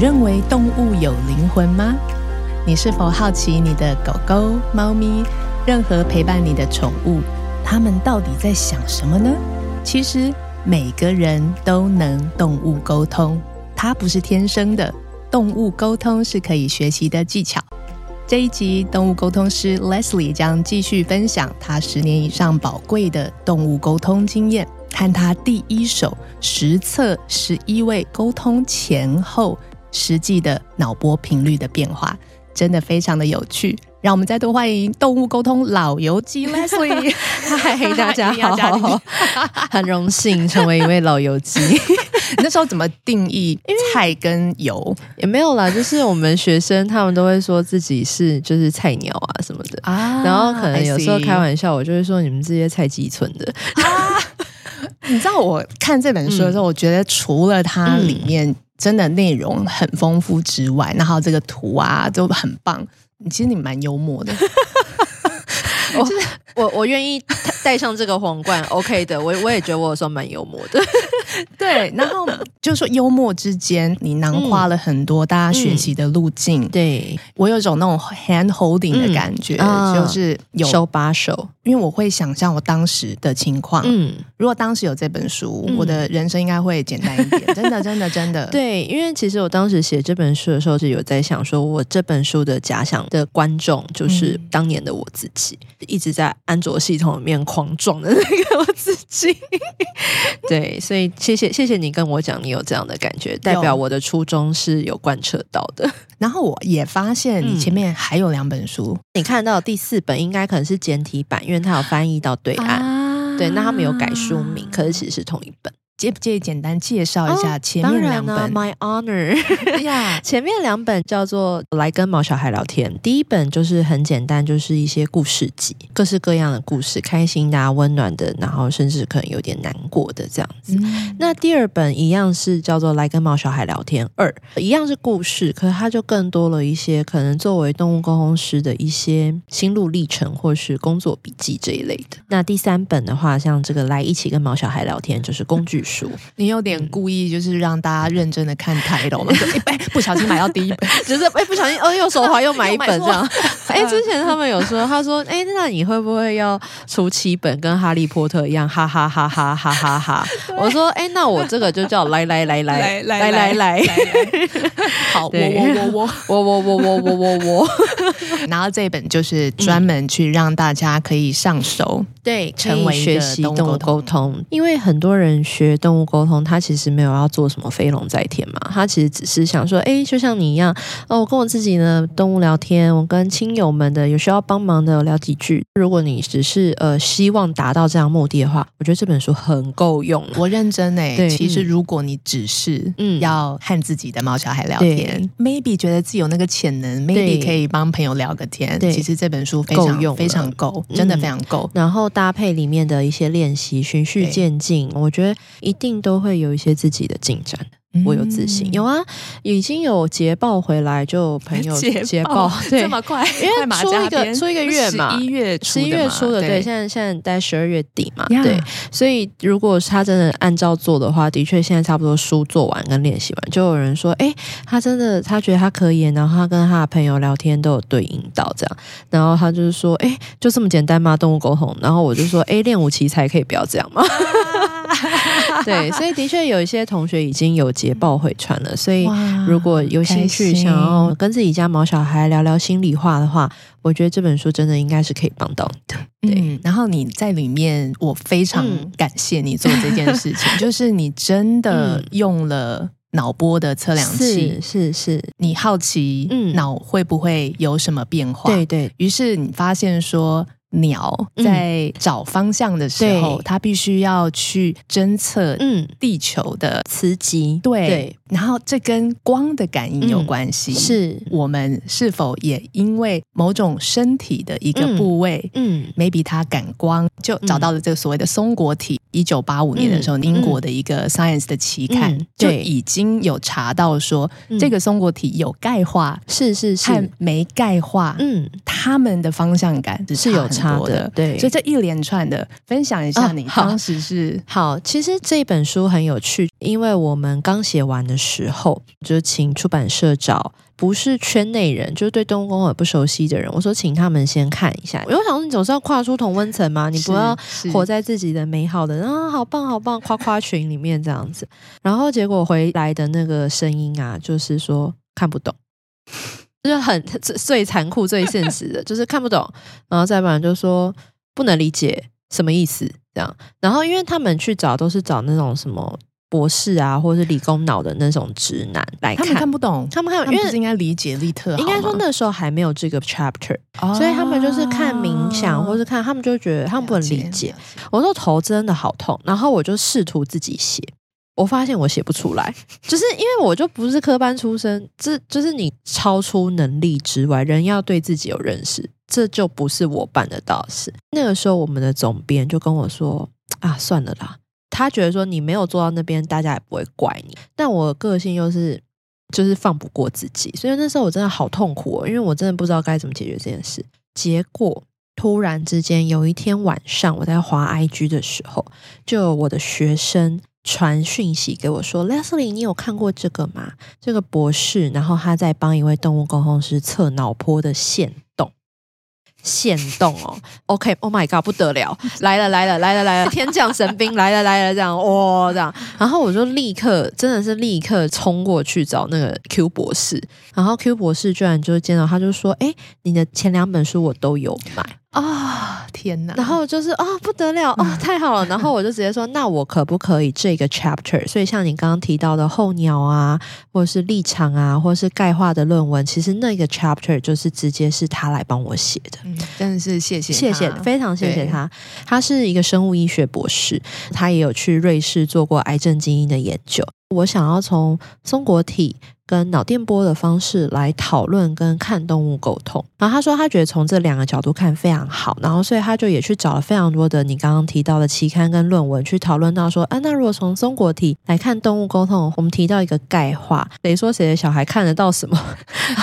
認為動物有靈魂嗎？你是否好奇你的狗狗、貓咪，任何陪伴你的寵物，它們到底在想什麼呢？其實每個人都能動物溝通，它不是天生的，動物溝通是可以學習的技巧。這一集動物溝通師 Leslie 將繼續分享她十年以上寶貴的動物溝通經驗，看她第一手實測十一位溝通前後，實際的腦波頻率的變化真的非常的有趣。讓我們再度歡迎動物溝通老油雞 Leslie。嗨，大家好，很榮幸成為一位老油雞。 那時候怎麼定義菜跟油也沒有啦，就是我們學生他們都會說自己是就是菜鳥啊什麼的啊， 然後可能有時候開玩笑，我就會說你們這些菜雞村的。 你知道我看這本書的時候，嗯、我覺得除了它裡面、嗯。真的內容很豐富之外，然後這個圖啊都很棒。其實你蠻幽默的， 我 的我我願意戴上這個皇冠，OK 的。我我也覺得我有時候蠻幽默的， 對。然後就是說幽默之間，你囊括了很多大家學習的路徑。嗯嗯、對，我有一種那種 hand holding 的感覺，嗯、就是手把手，因為我會想象我當時的情況，嗯、如果當時有這本書、嗯，我的人生應該會簡單一點。真的，真的，真的。對，因為其實我當時寫這本書的時候，就有在想，說我這本書的假想的觀眾就是當年的我自己，嗯、一直在安卓系統裡面狂撞的那個我自己。 對，所以謝謝，謝謝你跟我講，你有這樣的感覺，代表我的初衷是有貫徹到的。然後我也發現，你前面還有兩本書，嗯、你看到的第四本應該可能是簡體版，因為它有翻譯到對岸啊。對，那他們有改書名，可是其實是同一本。介不介意簡單介紹一下前面兩本、哦？當然 My Honor，前面兩本叫做《來跟毛小孩聊天》。第一本就是很簡單，就是一些故事集，各式各樣的故事，開心的、啊、溫暖的，然後甚至可能有點難過的這樣子。嗯、那第二本一樣是叫做《來跟毛小孩聊天二》，一樣是故事，可是它就更多了一些，可能作為動物溝通師的一些心路歷程或是工作筆記這一類的。那第三本的話，像這個《來一起跟毛小孩聊天》，就是工具。嗯你有點故意，就是讓大家認真的看台了。嗯、一 不小心買到第一本， 就是哎、欸，不小心哦，又手滑又買一本這樣。哎、 欸，之前他們有說，他說哎、欸，那你會不會要出七本，跟哈利波特一樣？哈哈哈哈哈哈哈！ 我說哎、欸，那我這個就叫來來來來來來來來，來來來來來來來 好， 我我我我我我我我我我， 然後這一本就是專門去讓大家可以上手。嗯對，成為學習動物溝通，因為很多人學動物溝通，他其實沒有要做什麼飛龍在天嘛，他其實只是想說，哎、欸，就像你一樣，哦，我跟我自己的動物聊天，我跟親友們的有需要幫忙的聊幾句。如果你只是呃希望達到這樣目的的話，我覺得這本書很夠用。我認真哎、欸，其實如果你只是嗯要和自己的毛小孩聊天，maybe 覺得自己有那個潛能，maybe 可以幫朋友聊個天，對，其實這本書非常用，非常夠，真的非常夠，嗯。然後。搭配裡面的一些練習，循序漸進，對。我覺得一定都會有一些自己的進展。我有自信、嗯，有啊，已經有捷報回來，就有朋友捷報，對，這麼快，因為出一個出一個月嘛，一月十一月初的，對，現在現在待十二月底嘛，對，所以如果他真的按照做的話，的確現在差不多書做完跟練習完，就有人說，誒，他真的他覺得他可以，然後他跟他的朋友聊天都有對應到這樣，然後他就是說，誒，就這麼簡單嗎？動物溝通？然後我就說，誒，練武奇才可以不要這樣嗎？啊 對，所以的確有一些同學已經有捷報回傳了，所以如果有興趣想要跟自己家毛小孩聊聊心裡話的話，我覺得這本書真的應該是可以幫到你的。對、嗯，然後你在裡面、嗯，我非常感謝你做這件事情，嗯、 就是你真的用了腦波的測量器，是是，是，你好奇嗯腦會不會有什麼變化？對對，對，於是你發現說。鳥在找方向的時候，它、嗯、必須要去偵測，嗯，地球的磁極，對。然後這跟光的感應有關係，嗯、是我們是否也因為某種身體的一個部位，嗯，嗯，maybe 它感光，就找到了這個所謂的松果體。嗯一九八五年的時候、嗯，英國的一個《Science》的期刊、嗯、就已經有查到說、嗯，這個松果體有鈣化是是是，沒鈣化，嗯，他們的方向感是，是有差的，對。所以這一連串的分享一下，你當時是、啊、好，好。其實這本書很有趣，因為我們剛寫完的時候就請出版社找。不是圈內人，就是對東宮工很不熟悉的人。我說，請他們先看一下。我想，你總是要跨出同溫層嘛，你不要活在自己的美好的啊，然後好棒好棒誇誇群裡面這樣子。然後結果回來的那個聲音啊，就是說看不懂，就是很最最殘酷，最現實的，就是看不懂。 然後再不然就說不能理解什麼意思這樣。然後因為他們去找都是找那種什麼，博士啊，或是理工腦的那種直男來看，他們看不懂，他們看，因為是應該理解力特，應該說那時候還沒有這個 chapter，哦，所以他們就是看冥想，哦，或是看，他們就覺得他們不能理解。了解，我說頭真的好痛，然後我就試圖自己寫，我發現我寫不出來， 就是因為我就不是科班出身，這就是你超出能力之外，人要對自己有認識，這就不是我辦得到的事。那個時候，我們的總編就跟我說：“啊，算了啦。”他覺得說你沒有做到那邊，大家也不會怪你。但我個性又是，就是，就是放不過自己，所以那時候我真的好痛苦，哦，因為我真的不知道該怎麼解決這件事。結果突然之間，有一天晚上我在滑 IG 的時候，就有我的學生傳訊息給我說：“Leslie，你有看過這個嗎？這個博士，然後他在幫一位動物溝通師測腦波的限動。”限動哦，OK，Oh、okay, my god，不得了，來了來了來了來了，天降神兵來了來了這樣哇、哦、這樣，然後我就立刻真的是立刻衝過去找那個 Q 博士，然後 Q 博士居然就見到他就說，誒、欸，你的前兩本書我都有買。啊、哦、天哪！然後就是啊、哦、不得了哦，太好了！ 然後我就直接說，那我可不可以這個 chapter？所以像你剛剛提到的候鳥啊，或者是立場啊，或者是鈣化的論文，其實那個 chapter 就是直接是他來幫我寫的。嗯、真的是謝謝他謝謝，非常謝謝他。他是一個生物醫學博士，他也有去瑞士做過癌症基因的研究。我想要從松果體。跟腦電波的方式來討論跟看動物溝通，然後他說他覺得從這兩個角度看非常好，然後所以他就也去找了非常多的你剛剛提到的期刊跟論文去討論到說啊，那如果從中國體來看動物溝通，我們提到一個鈣化，誰說誰的小孩看得到什麼，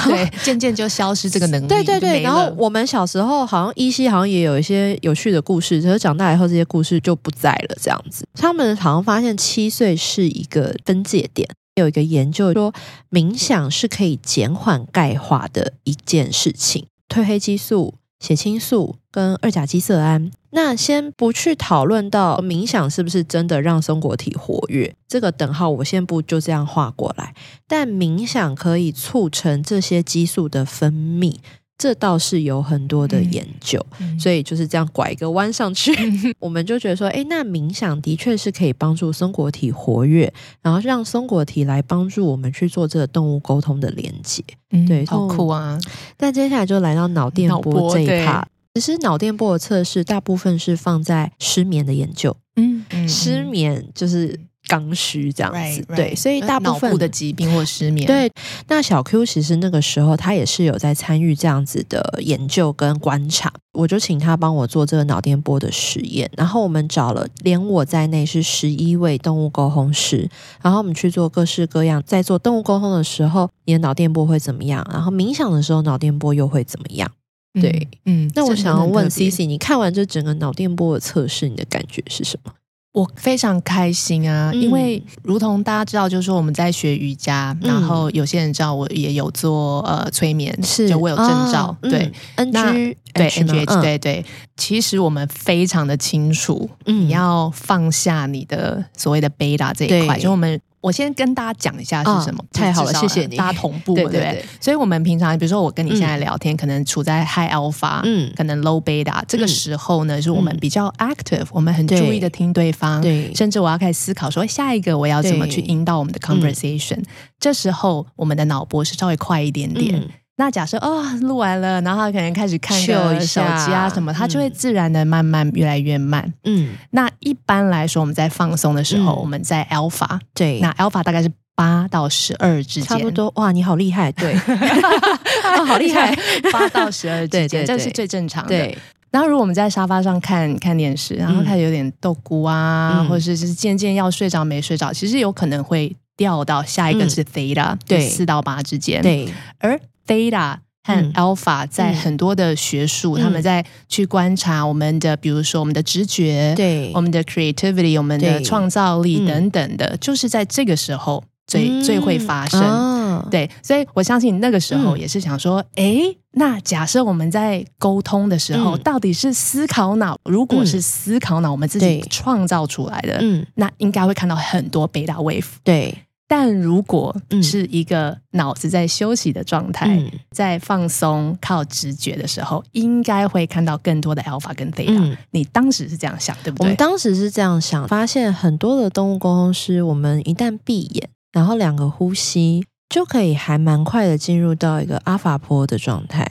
對，然後漸漸就消失這個能力。對對對，然後我們小時候好像依稀好像也有一些有趣的故事，可是長大以後這些故事就不在了，這樣子。他們好像發現七歲是一個分界點。有一個研究說，冥想是可以減緩鈣化的一件事情。褪黑激素、血清素跟二甲基色胺。那先不去討論到冥想是不是真的讓松果體活躍，這個等號我先不就這樣畫過來。但冥想可以促成這些激素的分泌。這倒是有很多的研究、嗯，所以就是這樣拐一個彎上去，嗯、我們就覺得說誒，那冥想的確是可以幫助松果體活躍，然後讓松果體來幫助我們去做這個動物溝通的連接。嗯、對，好酷啊！那接下來就來到腦電波這一趴。其實腦電波的測試大部分是放在失眠的研究。嗯，失眠就是。剛需這樣子，right, right. 對，所以大部分、呃、腦部的疾病或失眠。對，那小 Q 其實那個時候他也是有在參與這樣子的研究跟觀察，我就請他幫我做這個腦電波的實驗。然後我們找了連我在內是十一位動物溝通師，然後我們去做各式各樣，在做動物溝通的時候，你的腦電波會怎麼樣？然後冥想的時候，腦電波又會怎麼樣、嗯？對，嗯。那我想要問 CC，你看完這整個腦電波的測試，你的感覺是什麼？我非常開心啊，因為如同大家知道，就是我們在學瑜伽、嗯，然後有些人知道我也有做呃催眠，是，就我有證照。哦、對、嗯、，NGH 對 NGH 對對、嗯，其實我們非常的清楚、嗯，你要放下你的所謂的 beta 這一塊，就我們。我先跟大家講一下是什麼，啊、太好了，了，謝謝你，大家同步，對不對，對？所以，我們平常比如說我跟你現在聊天，嗯、可能處在 high alpha，、嗯、可能 low beta，、嗯、這個時候呢，就是我們比較 active，、嗯、我們很注意的聽對方，對，甚至我要開始思考說下一個我要怎麼去引導我們的 conversation，這時候我們的腦波是稍微快一點點。嗯嗯那假設哦，錄完了，然後可能開始看手機啊什麼，他、嗯、就會自然的慢慢越來越慢。嗯，那一般來說，我們在放鬆的時候、嗯，我們在 alpha 對，那 alpha 大概是八到十二之間，差不多。哇，你好厲害，對， 哦、好厲害，八到十二之間， 這是最正常的。對，然後如果我們在沙發上看看電視，然後他有點斗骨啊、嗯，或者是就是漸漸要睡着沒睡着、嗯，其實有可能會掉到下一個是 theta，、嗯、對，四到八之間，對，而。Theta 和 Alpha 在很多的學術、嗯嗯，他們在去觀察我們的，比如說我們的直覺，對我們的 Creativity，我們的創造力等等的，嗯、就是在這個時候最、嗯、最會發生、哦。對，所以我相信那個時候也是想說，嗯、誒，那假設我們在溝通的時候，嗯、到底是思考腦？如果是思考腦、嗯，我們自己創造出來的，嗯，那應該會看到很多 Beta Wave。對。但如果是一個腦子在休息的狀態、嗯，在放鬆、靠直覺的時候，應該會看到更多的 Alpha 跟 Theta。你當時是這樣想，對不對？我們當時是這樣想，發現很多的動物溝通師，我們一旦閉眼，然後兩個呼吸，就可以還蠻快的進入到一個阿法波的狀態。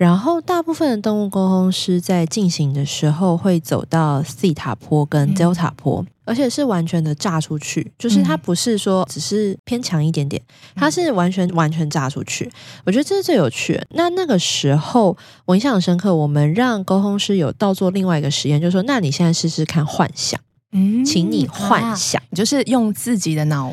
然後大部分的動物溝通師在進行的時候，會走到西塔波跟 Delta 波、嗯，而且是完全的炸出去，就是它不是說只是偏強一點點，它是完全完全炸出去。我覺得這是最有趣的。那那個時候我印象很深刻，我們讓溝通師有倒做另外一個實驗，就是說，那你現在試試看幻想，嗯，請你幻想，嗯、就是用自己的腦。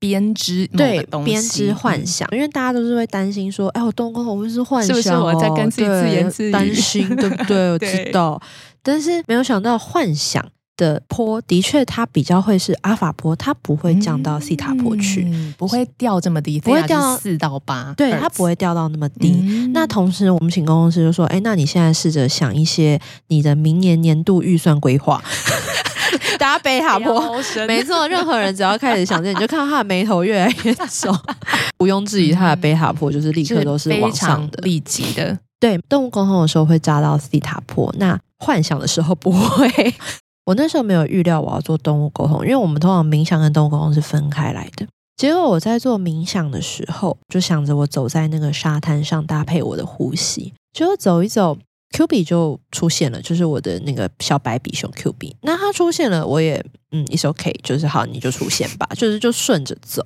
編織對編織幻想、嗯，因為大家都是會擔心說，哎、欸，我動工後我們是幻想、哦，是不是我在跟自己自言自語？擔心對不對？ 對我知道，但是沒有想到幻想的波的確它比較會是阿法波，它不會降到西塔波去、嗯嗯，不會掉這麼低，不會掉四到八，對，它不會掉到那麼低。嗯、那同時，我們請公司就說，哎、欸，那你現在試着想一些你的明年年度預算規劃。 搭貝塔波，沒錯，任何人只要開始想見 你就看到他的眉頭越來越皺。 不用質疑，他的貝塔波，就是立刻都是往上的，嗯就是、立即的。對，動物溝通的時候會扎到西塔波，那幻想的時候不會。 我那時候沒有預料我要做動物溝通，因為我們通常冥想跟動物溝通是分開來的。結果我在做冥想的時候，就想着我走在那個沙灘上，搭配我的呼吸，就走一走。Q B 就出現了，就是我的那個小白比熊 Q B。那它出現了，我也嗯，也是 O K，就是好，你就出現吧， 就是就順着走。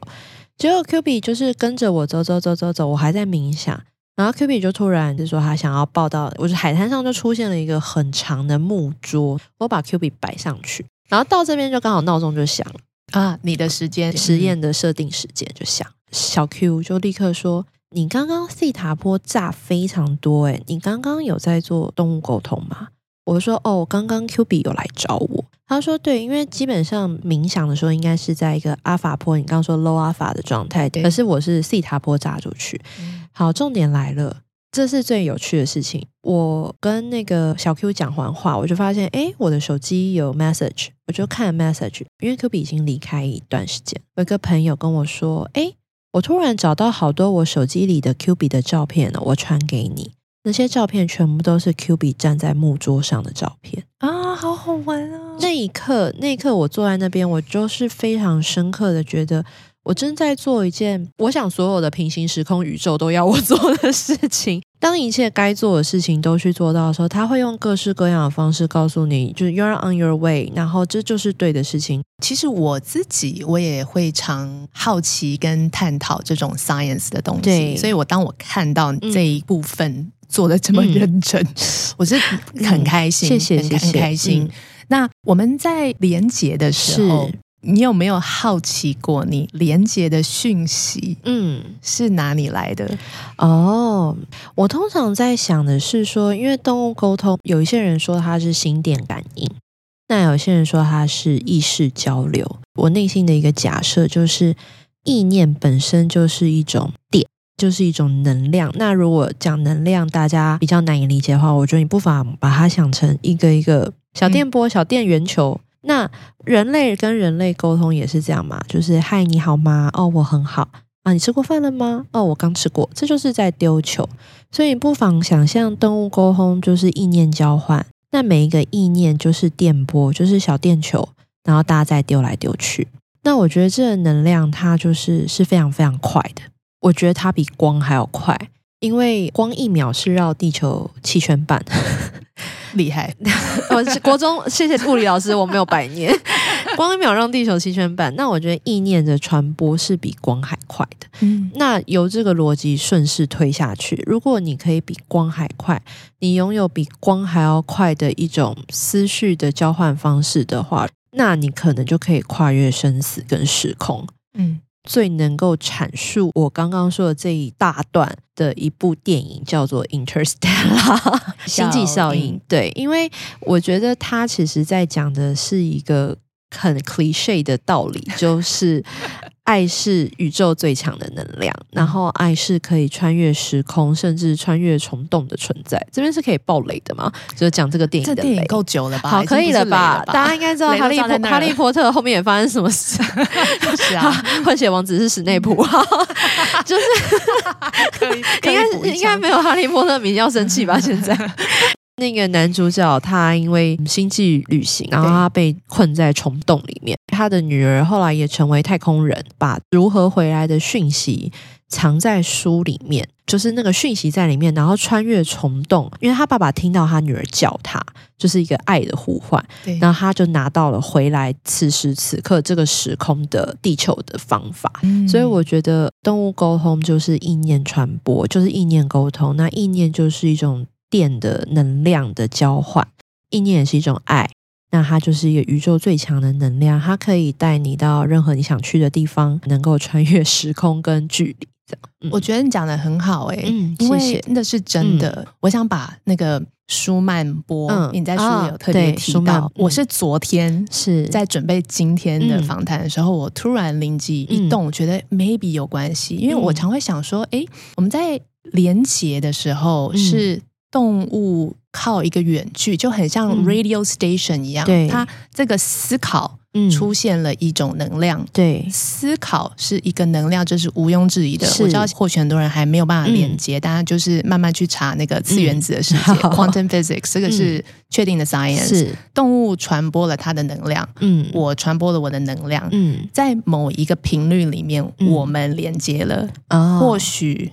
結果 Q B 就是跟着我走，走，走，走，走。我還在冥想，然後 Q B 就突然就說他想要抱到，我就海灘上就出現了一個很長的木桌，我把 Q B 擺上去，然後到這邊就剛好鬧鐘就響了啊，你的時間實驗的設定時間就響， 小 Q 就立刻說。你剛剛西塔波炸非常多，欸、你剛剛有在做動物溝通嗎？我說哦，剛剛 Q B 有來找我，他說對，因為基本上冥想的時候應該是在一個阿法波，你剛剛說 low 阿法的狀態，對對，可是我是西塔波炸出去，嗯。好，重點來了，這是最有趣的事情。我跟那個小 Q 講完話，我就發現哎，我的手機有 message，我就看 message，因為 Q B 已經離開一段時間，我一個朋友跟我說哎，誒我突然找到好多我手機裡的 QB 的照片，我傳給你。那些照片全部都是 QB 站在木桌上的照片啊，好好玩啊！哦。那一刻，那一刻我坐在那邊，我就是非常深刻的覺得。我正在做一件我想所有的平行時空宇宙都要我做的事情。當一切該做的事情都去做到的時候，他會用各式各樣的方式告訴你，就是 “You're on your way”，然後這就是對的事情。其實我自己我也會常好奇跟探討這種 science 的東西，所以我當我看到這一部分做的這麼認真，嗯、 我是很開心、嗯、謝謝很開心，謝謝，很開心。那我們在連接的時候。是你有沒有好奇過，你連接的訊息，嗯，是哪裡來的？哦，我通常在想的是說，因為動物溝通，有一些人說它是心電感應，那有些人說它是意識交流。我內心的一個假設就是，意念本身就是一種電，就是一種能量。那如果講能量，大家比較難以理解的話，我覺得你不妨把它想成一個一個、嗯、小電波、小電圓球。那人類跟人類溝通也是這樣嘛？就是嗨，你好嗎？哦，我很好。啊，你吃過飯了嗎？哦，我剛吃過。這就是在丟球，所以你不妨想象動物溝通就是意念交換。那每一個意念就是電波，就是小電球，然後大家再丟來丟去。那我覺得這個能量它就是是非常非常快的，我覺得它比光還要快，因為光一秒是繞地球七圈半，厲害。 國中，謝謝物理老師，我沒有白念。光一秒讓地球七圈半，那我覺得意念的傳播是比光還快的。嗯，那由這個邏輯順勢推下去，如果你可以比光還快，你擁有比光還要快的一種思緒的交換方式的話，那你可能就可以跨越生死跟時空。嗯。最能夠闡述我剛剛說的這一大段的一部電影叫做《Interstellar》星際效應，對，因為我覺得它其實在講的是一個很 cliche 的道理就是，愛是宇宙最強的能量，然後愛是可以穿越時空，甚至穿越蟲洞的存在。這邊是可以暴雷的嗎？就是講這個電影的。這電影夠久了吧？好，可以了吧？了吧了，大家應該知道哈利波特後面也發生什麼事。 是啊，啊，混血王子是史內普，就是應該應該沒有哈利波特迷要生氣吧？現在。 那個男主角他因為星際旅行，然後他被困在蟲洞裡面。他的女兒後來也成為太空人，把如何回來的訊息藏在書裡面，就是那個訊息在裡面，然後穿越蟲洞。因為他爸爸聽到他女兒叫他，就是一個愛的呼喚，對，然後他就拿到了回來此時此刻這個時空的地球的方法。嗯。所以我覺得動物溝通就是意念傳播，就是意念溝通。那意念就是一種。電的能量的交換，意念也是一種愛，那它就是一個宇宙最強的能量，它可以帶你到任何你想去的地方，能夠穿越時空跟距離，嗯。我覺得你講的很好，欸，哎，嗯，謝謝，那是真的，嗯。我想把那個舒曼波，嗯，你在書裡有特別提到，哦嗯，我是昨天是在準備今天的訪談的時候，嗯，我突然靈機一動，嗯，覺得 maybe 有關係，因為我常會想說，哎，嗯欸，我們在連結的時候是。動物靠一個遠距就很像 radio station 一樣、嗯對，它這個思考出現了一種能量、嗯。對，思考是一個能量，這是毋庸置疑的。是我知道或許很多人還沒有辦法連接，大、嗯、家就是慢慢去查那個次原子的世界、嗯、quantum physics 這個是確定的 science、嗯。動物傳播了它的能量，嗯，我傳播了我的能量，嗯，在某一個頻率裡面，嗯、我們連接了，哦、或許。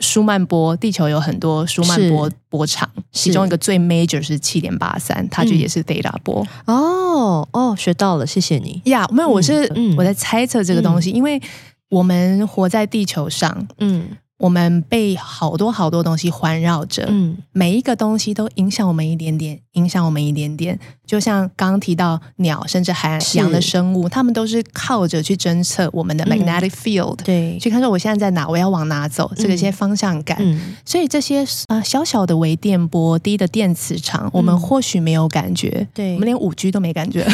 舒曼波，地球有很多舒曼波波長，其中一個最 major 是七點八三，它就也是 theta 波。哦哦，學到了，謝謝你呀、yeah, 嗯。沒有，我是我在猜測這個東西，嗯、因為我們活在地球上，嗯。嗯我們被好多好多東西環繞着，嗯，每一個東西都影響我們一點點，影響我們一點點。就像剛剛提到鳥，甚至海洋的生物，它們都是靠着去偵測我們的 magnetic field，對、嗯，去看說我現在在哪，我要往哪走，這個一些方向感。嗯、所以這些啊小小的微電波、低的電磁場，我們或許沒有感覺，對、嗯，我們連五 G 都沒感覺。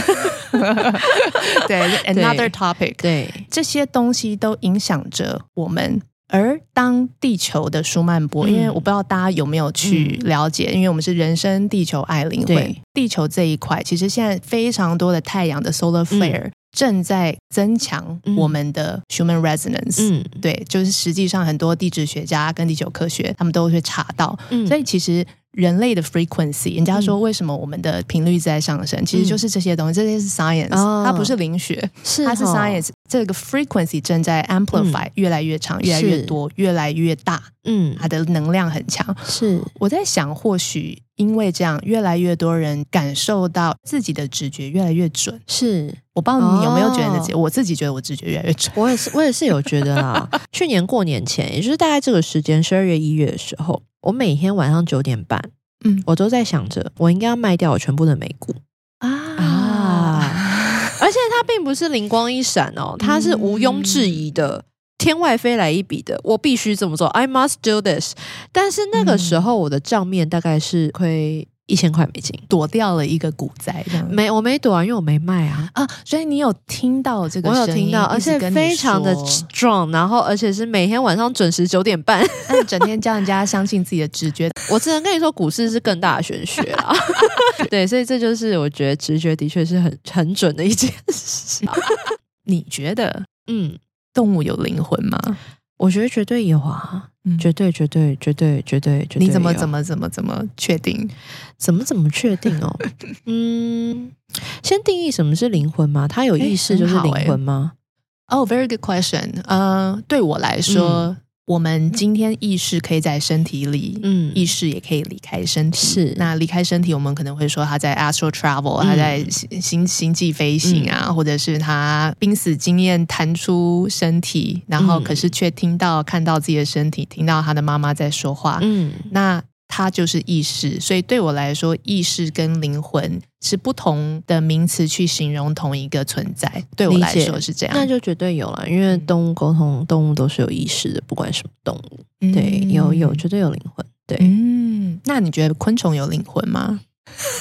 對，another topic，對，這些東西都影響着我們。而當地球的舒曼波、嗯，因為我不知道大家有沒有去了解，嗯、因為我們是人生地球愛靈魂，地球這一塊其實現在非常多的太陽的 solar flare 正在增強我們的 human resonance、嗯。對，就是實際上很多地質學家跟地球科學，他們都會查到，嗯、所以其實。人類的 frequency，人家說為什麼我們的頻率在上升，嗯，其實就是這些東西，這些是 science，哦，它不是靈學，它是 science，是，哦。這個 frequency 正在 amplify，嗯，越來越長，越來越多，越來越大，嗯，它的能量很強。是，嗯，我在想，或許。因為這樣，越來越多人感受到自己的直覺越來越準。是，我不知道你有沒有覺得自己、哦，我自己覺得我直覺越來越準。我也是，我也是有覺得啦。 去年過年前，也就是大概這個時間，十二月一月的時候，我每天晚上九點半，嗯，我都在想着，我應該要賣掉我全部的美股啊啊！啊 而且它並不是靈光一閃哦，它是毋庸置疑的。嗯天外飛來一筆的，我必須這麼做，I must do this。但是那個時候，我的賬面大概是虧一千塊美金，嗯，躲掉了一個股災。這樣子沒，我沒躲完，啊，因為我沒賣啊啊！所以你有聽到這個聲音？我有聽到，而且非常的 strong。然後，而且是每天晚上準時九點半。整天叫人家相信自己的直覺。 我只能跟你說，股市是更大的玄學啊。 對，所以這就是我覺得直覺的確是很很準的一件事情。 你覺得？嗯。動物有靈魂嗎？嗯？我覺得絕對有啊，嗯，絕對、絕對、絕對、絕對、絕對。你怎麼怎麼怎麼怎麼確定？怎麼怎麼確定哦？ 嗯，先定義什麼是靈魂嗎？它有意識就是靈魂嗎？哦、欸欸 oh,，very good question。呃，對我來說。嗯我們今天意識可以在身體裡，嗯，意識也可以離開身體。是，那離開身體，我們可能會說他在 astral travel、嗯、他在星星際飛行啊，嗯、或者是他瀕死經驗彈出身體、嗯，然後可是卻聽到看到自己的身體，聽到他的媽媽在說話。嗯，那。它就是意識，所以對我來說，意識跟靈魂是不同的名詞去形容同一個存在。對我來說是這樣，那就絕對有了。因為動物溝通，動物都是有意識的，不管什麼動物，嗯、對，有有，絕對有靈魂。對，嗯，那你覺得昆蟲有靈魂嗎？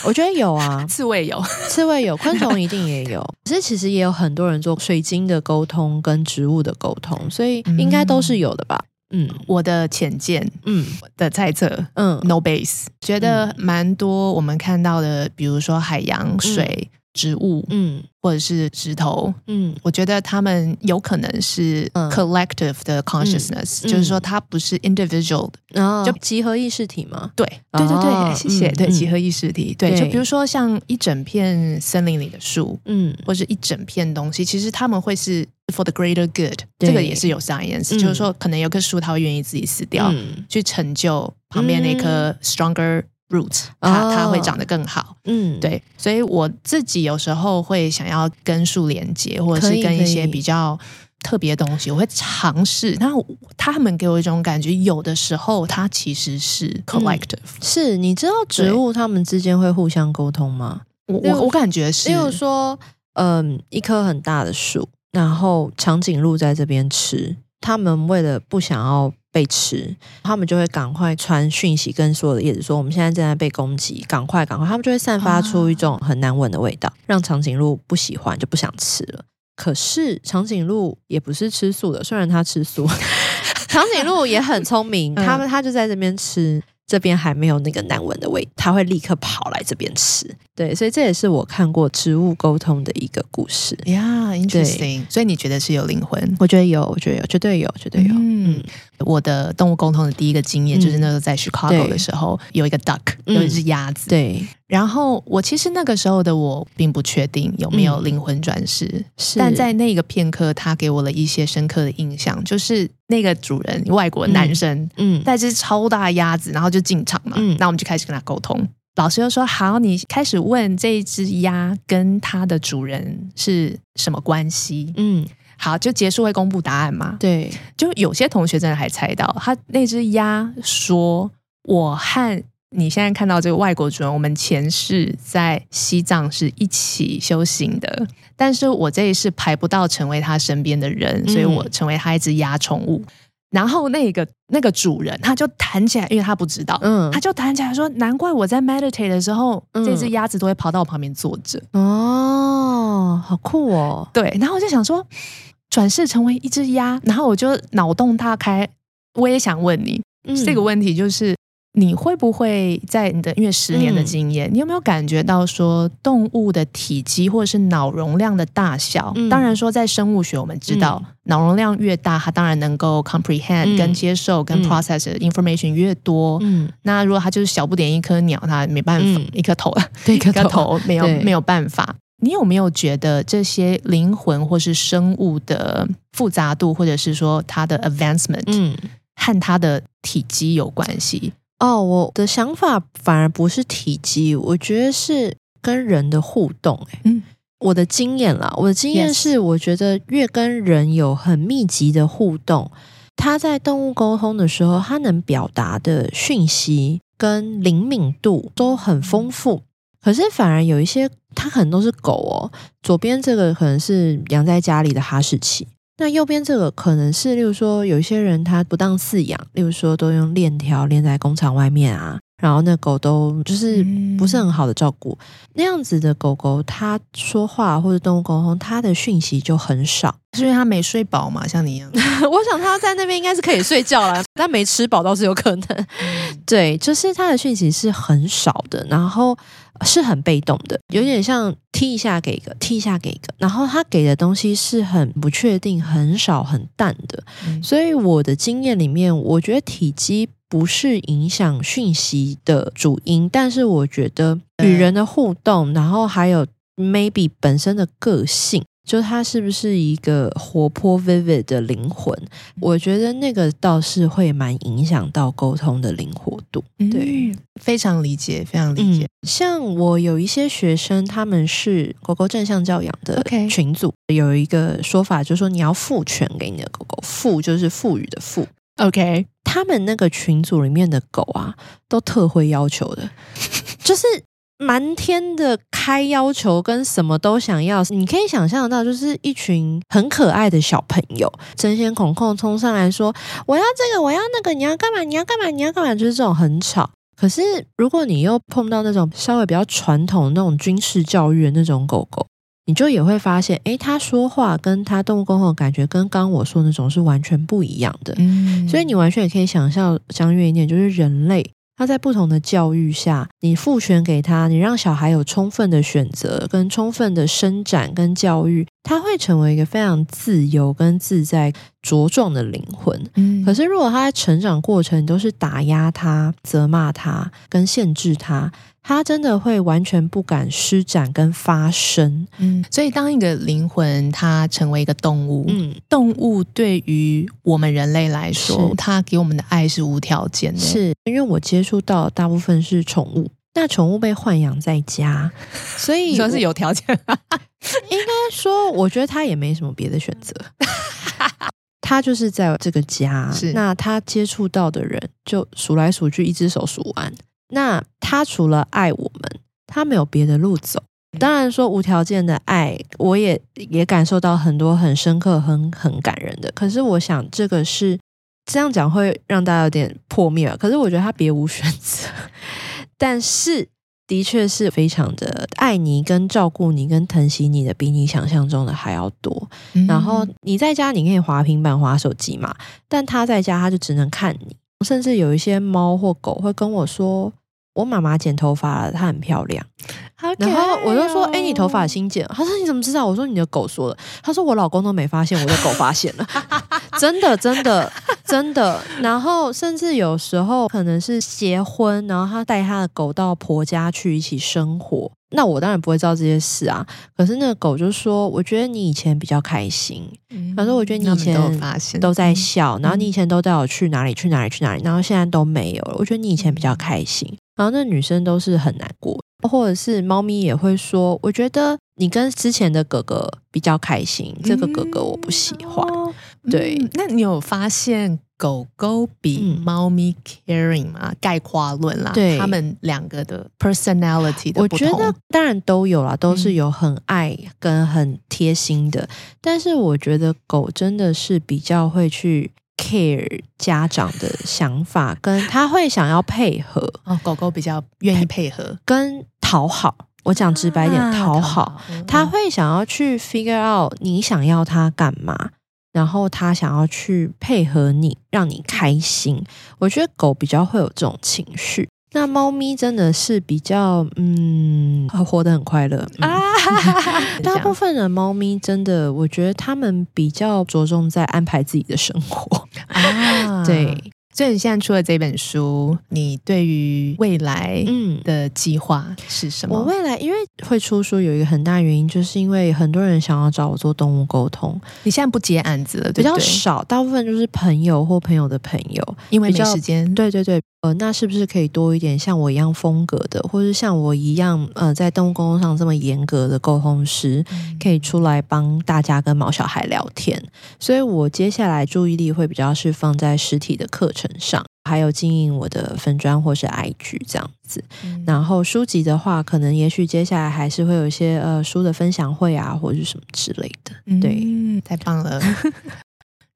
我覺得有啊，刺蝟有，刺蝟有，昆蟲一定也有。 可是其實也有很多人做水晶的溝通跟植物的溝通，所以應該都是有的吧。嗯嗯，我的淺見，嗯的猜測，嗯，No base，嗯覺得蠻多。我們看到的，比如說海洋、嗯、水、植物，嗯，或者是石頭，嗯，我覺得他們有可能是 collective 的 consciousness，、嗯嗯、就是說它不是 individual、哦、就集合意識體嘛？對、哦，對對對，謝謝，嗯、對集合意識體，對、嗯，就比如說像一整片森林裡的樹，嗯，或者一整片東西，其實他們會是。For the greater good，這個也是有 science，、嗯、就是說可能有棵樹，它會願意自己死掉，嗯、去成就旁邊那棵 stronger roots，它、嗯、它會長得更好、哦。嗯，對，所以我自己有時候會想要跟樹連接，或者是跟一些比較特別的東西，我會嘗試。那他們給我一種感覺，有的時候它其實是 collective、嗯。是你知道植物它們之間會互相溝通嗎？我我我感覺是，例如說，嗯，一棵很大的樹。然後長頸鹿在這邊吃，他們為了不想要被吃，他們就會趕快傳訊息跟所有的葉子說：“我們現在正在被攻擊，趕快趕快！”他們就會散發出一種很難聞的味道，哦、讓長頸鹿不喜歡就不想吃了。可是長頸鹿也不是吃素的，雖然它吃素， 長頸鹿也很聰明，嗯、他們他就在這邊吃。這邊還沒有那個難聞的味道，他會立刻跑來這邊吃。對，所以這也是我看過植物溝通的一個故事。呀，yeah, interesting！所以你覺得是有靈魂？我覺得有，我覺得有，絕對有，絕對有。嗯。嗯我的動物溝通的第一個經驗、嗯，就是那時候在 Chicago 的時候，有一個 duck，有一只鴨子。對，然後我其實那個時候的我並不確定有沒有靈魂轉世、嗯，但在那個片刻，他給我了一些深刻的印象，就是那個主人外國男生，嗯，帶只超大鴨子，然後就進場嘛，那、嗯、我們就開始跟他溝通。老師又說：“好，你開始問這只鴨跟它的主人是什麼關係？”嗯。好，就結束會公布答案嘛。對，就有些同學真的還猜到，他那隻鴨說：“我和你現在看到這個外國主人，我們前世在西藏是一起修行的，但是我這一世排不到成為他身邊的人，所以我成為他一隻鴨寵物。嗯”然後那個那個主人他就談起來，因為他不知道，嗯，他就談起來說：“難怪我在 meditate 的時候，嗯、這只鴨子都會跑到我旁邊坐着。”哦，好酷哦！對，然後我就想說。轉世成為一隻鴨，然後我就腦洞大開。我也想問你、嗯、這個問題，就是你會不會在你的逾十年的經驗、嗯，你有沒有感覺到說動物的體積或者是腦容量的大小？嗯、當然說在生物學，我們知道、嗯、腦容量越大，它當然能夠 comprehend、嗯、跟接受、跟 process information 越多。嗯，那如果它就是小不點一顆鳥，它沒辦法、嗯、一顆頭， 一顆頭，對，一顆頭，對，沒有沒有辦法。你有沒有覺得這些靈魂或是生物的複雜度，或者是說它的 advancement，嗯，和它的體積有關係？哦，我的想法反而不是體積，我覺得是跟人的互動，欸。嗯，我的經驗啦，我的經驗是，我覺得越跟人有很密集的互動，Yes. 它在動物溝通的時候，它能表達的訊息跟靈敏度都很豐富。可是反而有一些，它可能都是狗哦。左邊這個可能是養在家裡的哈士奇，那右邊這個可能是，例如說有些人他不當飼養，例如說都用鏈條鏈在工廠外面啊，然後那狗都就是不是很好的照顧。嗯、那樣子的狗狗，它說話或者動物溝通，它的訊息就很少，是因為它沒睡飽嘛。像你一樣， 我想它在那邊應該是可以睡覺啦， 但沒吃飽倒是有可能、嗯。對，就是它的訊息是很少的，然後。是很被動的，有點像踢一下給一個，踢一下給一個，然後他給的東西是很不確定、很少、很淡的。嗯，所以我的經驗裡面，我覺得體積不是影響訊息的主因，但是我覺得與人的互動、嗯，然後還有 maybe 本身的個性。就它是不是一個活潑、vivid 的靈魂？我覺得那個倒是會蠻影響到溝通的靈活度。對，嗯、非常理解，非常理解、嗯。像我有一些學生，他們是狗狗正向教養的群組，okay。有一個說法就是說，你要賦權給你的狗狗，賦就是賦予的賦。OK，他們那個群組裡面的狗啊，都特會要求的， 就是。滿天的開要求跟什麼都想要，你可以想象到，就是一群很可愛的小朋友爭先恐後衝上來說：“我要這個，我要那個，你要幹嘛？你要幹嘛？你要幹嘛？”就是這種很吵。可是如果你又碰到那種稍微比較傳統、那種軍事教育的那種狗狗，你就也會發現，哎、欸，他說話跟他動物溝通感覺跟剛剛我說的那種是完全不一樣的。嗯、所以你完全也可以想象，相月一點就是人類。他在不同的教育下，你賦權給他，你讓小孩有充分的選擇跟充分的伸展跟教育。他會成為一個非常自由跟自在、茁壯的靈魂。嗯，可是如果他在成長過程都是打壓他、責罵他跟限制他，他真的會完全不敢施展跟發聲。嗯，所以當一個靈魂，它成為一個動物，嗯，動物對於我們人類來說，它給我們的愛是無條件的，是因為我接觸到的大部分是寵物。那寵物被豢養在家，所以你說是有條件，應該說，我覺得他也沒什麼別的選擇， 他就是在這個家。是那他接觸到的人，就數來數去，一隻手數完。那他除了愛我們，他沒有別的路走。當然說無條件的愛，我也也感受到很多很深刻、很很感人的。可是我想，這個是這樣講會讓大家有點破滅。可是我覺得他別無選擇。但是，的確是非常的愛你、跟照顧你、跟疼惜你的，比你想象中的還要多。嗯。然後你在家你可以滑平板、滑手機嘛，但他在家他就只能看你。甚至有一些貓或狗會跟我說。我媽媽剪頭髮了，她很漂亮。Okay. 然後我就說：“哎、欸，你頭髮新剪。”她說：“你怎麼知道？”我說：“你的狗說了。”她說：“我老公都沒發現，我的狗發現了。 ”真的，真的，真的。然後甚至有時候可能是結婚，然後他帶他的狗到婆家去一起生活。那我當然不會知道這些事啊。可是那個狗就說：“我覺得你以前比較開心。反、嗯、正我覺得你以前都在笑，嗯、在笑然後你以前都帶我去哪裡去哪裡去哪裡，然後現在都沒有了。我覺得你以前比較開心。嗯”然後那女生都是很難過，或者是貓咪也會說：“我覺得你跟之前的哥哥比較開心，嗯、這個哥哥我不喜歡。嗯”對、嗯，那你有發現狗狗比貓咪 caring 嗎？嗯、概括論啦對，他們兩個的 personality 的不同。我覺得當然都有啦，都是有很愛跟很貼心的，嗯、但是我覺得狗真的是比較會去。care 家長的想法，跟他會想要配合 哦，狗狗比較願意配合，跟討好。我講直白一點，啊、討好、啊。他會想要去 figure out 你想要他幹嘛，然後他想要去配合你，讓你開心。我覺得狗比較會有這種情緒。那貓咪真的是比較嗯，活得很快樂、嗯、啊。 大部分的貓咪真的，我覺得他們比較着重在安排自己的生活啊。對，所以你現在出了這本書，你對於未來嗯的計劃是什麼？嗯、我未來因為會出書有一個很大原因，就是因為很多人想要找我做動物溝通。你現在不接案子了，對不對？比較少，大部分就是朋友或朋友的朋友，因為沒時間。對對對。呃，那是不是可以多一點像我一樣風格的，或是像我一樣，呃，在動物溝通上這麼嚴格的溝通師、嗯，可以出來幫大家跟毛小孩聊天？所以，我接下來注意力會比較是放在實體的課程上，還有經營我的粉專或是 IG 這樣子、嗯。然後書籍的話，可能也許接下來還是會有一些呃書的分享會啊，或者是什麼之類的、嗯。對，太棒了。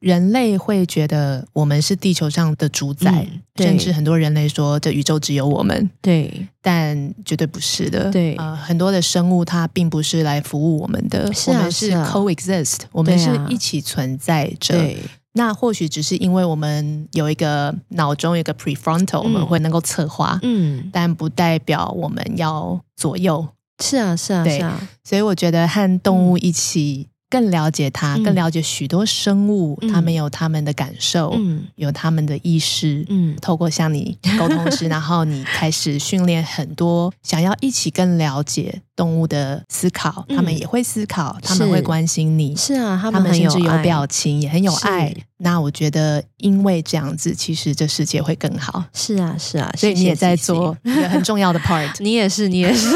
人類會覺得我們是地球上的主宰、嗯，對，甚至很多人類說這宇宙只有我們。對，但絕對不是的。對啊、呃，很多的生物它並不是來服務我們的，是啊是啊、我們是 coexist、啊、我們是一起存在着。那或許只是因為我們有一個腦中有一個 prefrontal、嗯、我們會能夠策劃。嗯，但不代表我們要左右。是啊，是啊，對啊，啊。所以我覺得和動物一起、嗯。更了解他，更了解許多生物、嗯，他們有他們的感受、嗯，有他們的意識。嗯，透過向你溝通時，然後你開始訓練很多， 想要一起更了解。動物的思考、嗯，他們也會思考，他們會關心你。是啊，他們很有表情，啊，也很有愛。啊愛啊，那我覺得，因為這樣子，其實這世界會更好。是啊，是啊，謝謝，所以你也在做很重要的 part。 你也是，你也是。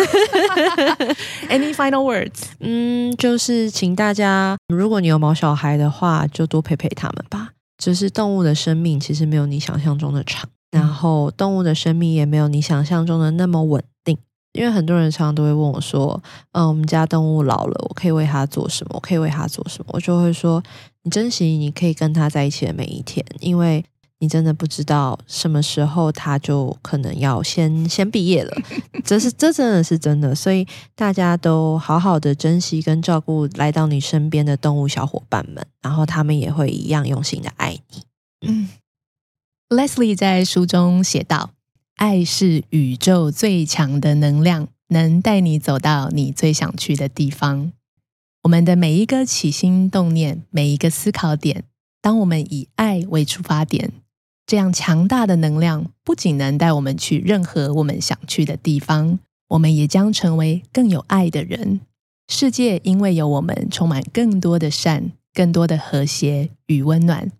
Any final words？嗯，就是請大家，如果你有毛小孩的話，就多陪陪他們吧。就是動物的生命其實沒有你想象中的長，嗯，然後動物的生命也沒有你想象中的那麼穩。因為很多人常常都會問我說：“嗯，我們家動物老了，我可以為它做什麼？我可以為它做什麼？”我就會說：“你珍惜你可以跟它在一起的每一天，因為你真的不知道什麼時候它就可能要先先畢業了。”這這是這真的是真的，所以大家都好好的珍惜跟照顧來到你身邊的動物小夥伴們，然後他們也會一樣用心的愛你。嗯，嗯，Leslie 在書中寫道。愛是宇宙最強的能量，能帶你走到你最想去的地方。我們的每一個起心動念，每一個思考點，當我們以愛為出發點，這樣強大的能量不僅能帶我們去任何我們想去的地方，我們也將成為更有愛的人。世界因為有我們，充滿更多的善、更多的和諧與溫暖。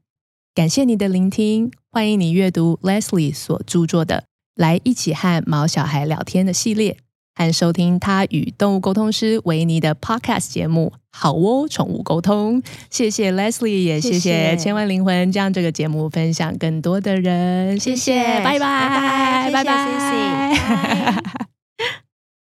感謝你的聆聽，歡迎你閱讀 Leslie 所著作的。來一起和毛小孩聊天的系列，和收聽他與動物溝通師維尼的 podcast 節目《好窩、哦、寵物溝通》。謝謝 Leslie，也謝謝千萬靈魂，將這個節目分享更多的人。謝謝，拜拜，拜拜，謝謝，拜，拜。謝謝 CC，拜拜